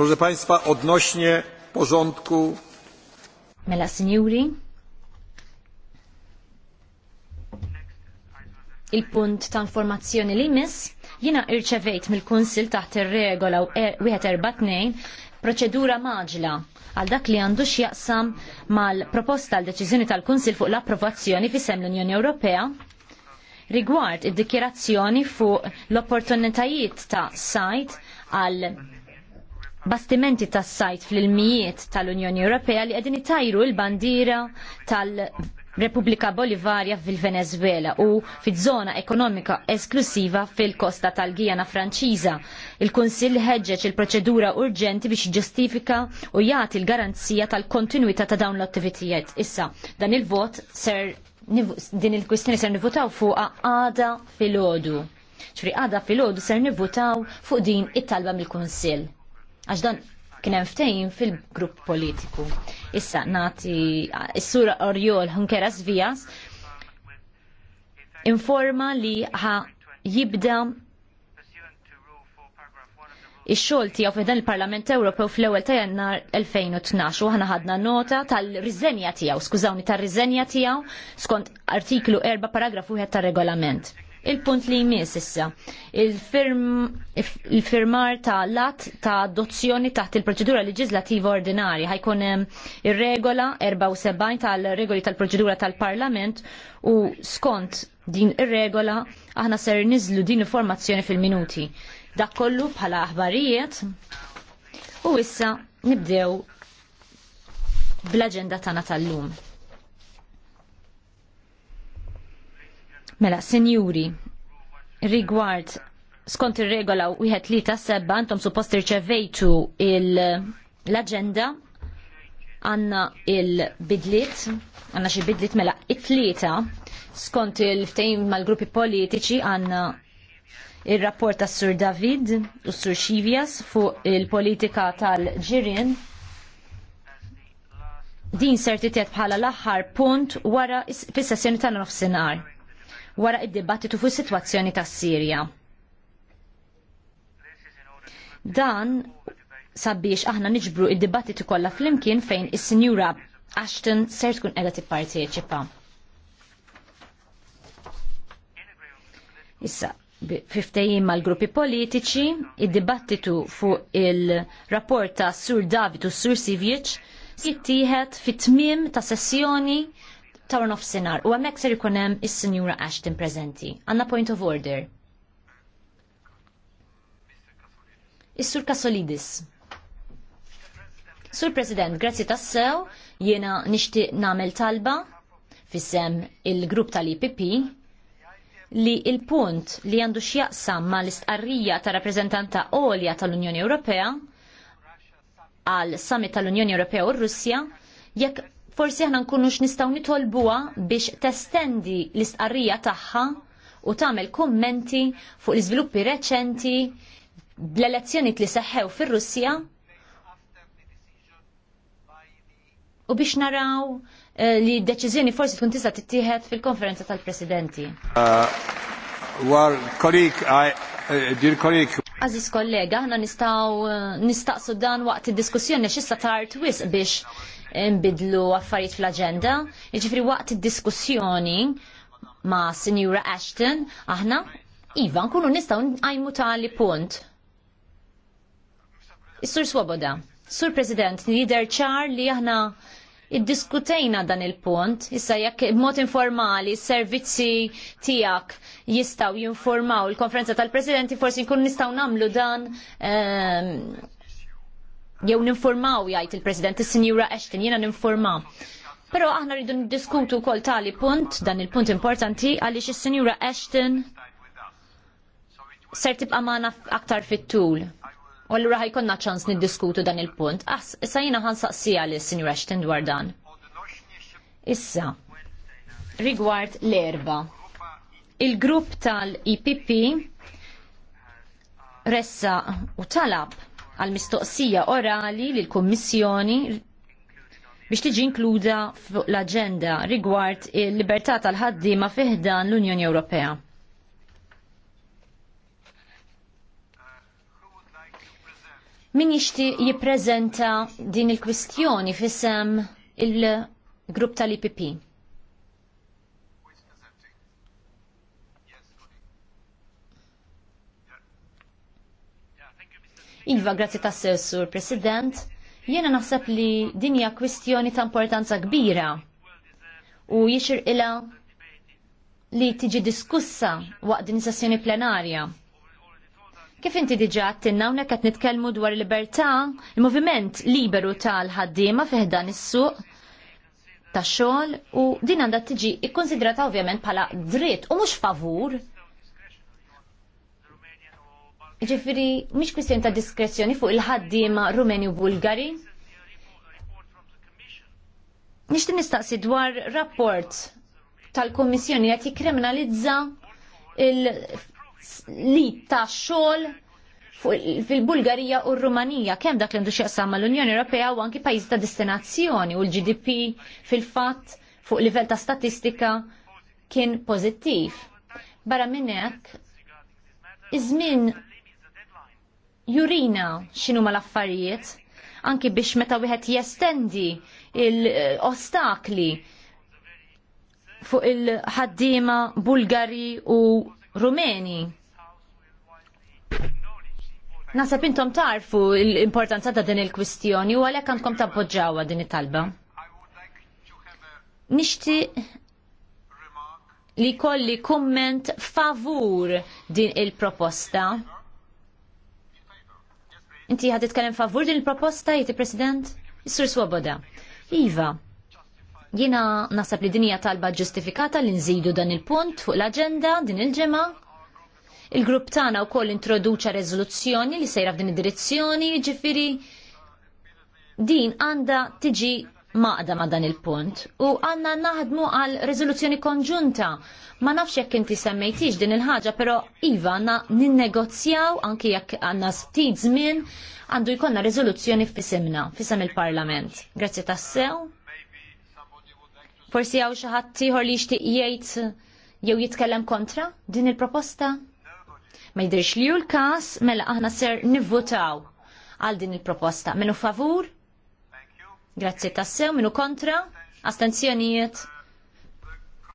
Proszę Państwa, odnośnie porządku. Mela Signori. Il-punt ta' informazzjoni li miss jina irċevejt mill-Kunsil taħt ir-regola 142 proċedura maġla għal dak li għandu x'jaqsam mal-proposta għal deċiżjoni tal-Kunsil fuq l-approvazzjoni fi sem l-Unjoni Ewropea rigward id-dikjerazzjoni fuq l-opportunitajiet ta' sajt għal bastimenti tas sajt fl-ilmijiet tal-Unjoni Ewropea li qegħdin itajru l-bandira tal-Repubblika Bolivarja fil-Venezuela u fiż-żona ekonomika esklusiva fil-kosta tal-Gijana Franċiża. Il-Kunsill ħeġġeġ il-proċedura urġenti biex ġustifika u jagħti l-garanzija tal-kontinuità ta' dawn l-attivitijiet. Issa, dan il-vot ser din il-kwistjoni ser nivutaw fuqha għada fil-ħodu ċfri għada fil-ħodu ser nivutaw fuq din it-talba mill-Konsil għax dan kien hemm ftehim fil-grupp politiku. Issa nati s-sura Orjol Hunkeras Vias informa li ħa jibda ix-xogħol tiegħu f'dan il-Parlament Ewropew fl-ewwel ta' Jannar 2012 u aħna ħadna nota tal-riżenja tiegħu, skużawni tar-riżenja tiegħu skont artiklu 4 paragrafu 1 tar-regolament. Il-punt li jmiss issa, il-firmar ta' lat ta' adozzjoni taħt il-proċedura leġislativa ordinarja ħajkun ehm, ir-regola 74 tal-regoli tal-proċedura tal-Parlament u skont din ir-regola aħna ser niżlu din l-informazzjoni fil-minuti. Dak kollu bħala aħbarijiet u issa nibdew bl-aġenda tagħna tal-lum. Mela, sinjuri, rigward skont ir-regola wieħed li ta' sebba intom suppost irċevejtu l-aġenda għanna il bidlit għanna xi bidlit mela it-tlieta skont il-ftejn mal-gruppi politiċi għanna il-rapport ta' Sur David u Sur Xivjas fuq il-politika tal-ġirien din ser titjet bħala l-aħħar punt wara fis-sessjoni tal nofsinhar wara id-dibattitu fuq is-sitwazzjoni tas-Sirja. Dan sabiex aħna niġbru id-dibattitu kollha flimkien fejn is-Sinjura Ashton ser tkun qiegħda tipparteċipa. Issa, fiftejjim mal-gruppi politiċi, id-dibattitu fuq il-rapport ta' Sur David u Sur Sivjic jittijħet fit-tmiem ta' sessjoni ta' nofsinhar u hemmhekk ser ikun hemm is-Sinjura Ashton Prezenti. Għandna point of order. Is-Sur Kasolidis. Sur President, grazzi tassew, jiena nixtieq nagħmel talba fissem il-grupp tal-IPP li il-punt li għandu x'jaqsam ma l-istqarrija ta' rappreżentanta għolja tal-Unjoni Ewropea għal summit tal-Unjoni Ewropea u Russja jekk forsi aħna nkunux nistgħu nitolbuha biex testendi l-istqarrija tagħha u tagħmel kummenti fuq l-iżviluppi reċenti bl elezzjoni li seħħew fir russija u biex naraw eh, li deċiżjoni forsi tkun tista' tittieħed fil-konferenza tal-presidenti. Uh, uh, Aziz kollega, ħna nistaw eh, nistaqsu dan waqt id-diskussjoni xissa tard wisq biex nbidlu affarijiet fl-agenda. Jiġifieri waqt id-diskussjoni ma' Sinjura Ashton, aħna Iva, nkunu nistgħu nqajmu tali punt. Is-Sur Swoboda, Sur President, lider ċar li aħna iddiskutejna dan il-punt, issa jekk mod informali, s-servizzi tiegħek jistgħu jinformaw il-konferenza tal-presidenti, forsi nkunu nistgħu nagħmlu dan um, jew ninformaw jgħid il-President is-Sinjura Ashton jiena ninformaw. Però aħna rridu niddiskutu wkoll tali punt, dan il-punt importanti għaliex is-Sinjura Ashton ser tibqa' magħna aktar fit-tul. U allura ħajkonna ċans niddiskutu dan il-punt. Aħs, ah, issa jiena ħansaqsija li s Ashton dwar dan. Issa, rigward l-erba. Il-grupp tal-IPP ressa u talab għal mistoqsija orali lil kummissjoni biex tiġi inkluda fuq l-agenda rigward il-libertà tal-ħaddiema fiħdan l-Unjoni Ewropea. Min jixti jiprezenta din il-kwistjoni fisem il-grupp tal-IPP? Iva, grazzi ta' Sur President. Jena naħseb li dinja kwistjoni ta' importanza kbira u jixir ila li tiġi diskussa waqt din sessjoni plenarja. Kif inti diġa għattinna unna għat nitkelmu dwar libertà, il-moviment liberu tal-ħaddima fiħdan is-suq ta' xogħol u din għandha tiġi ikkonsidrata ovvjament bħala dritt u mhux favur Ġifiri, mhix kwistjoni ta' diskrezzjoni fuq il-ħaddiema Rumeni u Bulgari. Nixti nistaqsi dwar rapport tal komissjoni qed kriminalizza il-li ta' xogħol fil-Bulgarija u r-Rumanija kemm dak li għandu xieqsam mal-Unjoni Ewropea u anki pajiz ta' destinazzjoni u l-GDP fil-fatt fuq livell ta' statistika kien pożittiv. Barra minn hekk, iż-żmien jurina xinu ma l-affarijiet, anki biex meta wieħed jestendi l-ostakli fuq il-ħaddiema Bulgari u Rumeni. Nasab intom tarfu l-importanza ta' din il-kwistjoni u għalhekk għandkom tappoġġawha din it-talba. Nishti li kolli kumment favur din il-proposta Inti ħad titkellem favur din il-proposta, jieti President? Is-Sur Swoboda. Iva, jina nasab li dinija talba ġustifikata li nżidu dan il-punt fuq l-agenda din il-ġemma. Il-grupp tagħna wkoll introduċa rezoluzzjoni li sejra f'din id-direzzjoni, ġifiri din għanda tiġi maqda ma dan il-punt u għanna naħdmu għal rezoluzzjoni konġunta. Ma nafx jekk inti semmejtix din il-ħaġa, pero iva għanna ninnegozjaw anki jekk għanna ftit żmien għandu jkollna rezoluzzjoni f'isimna, f'isem il-Parlament. Grazzi tassew. Forsi għaw xaħat tiħor li jixtieq jgħid jew jitkellem kontra din il-proposta? Ma jidrix li l-kas mela aħna ser nivvotaw għal din il-proposta. Menu favur? Grazzi tassew, minu kontra, astenzjonijiet.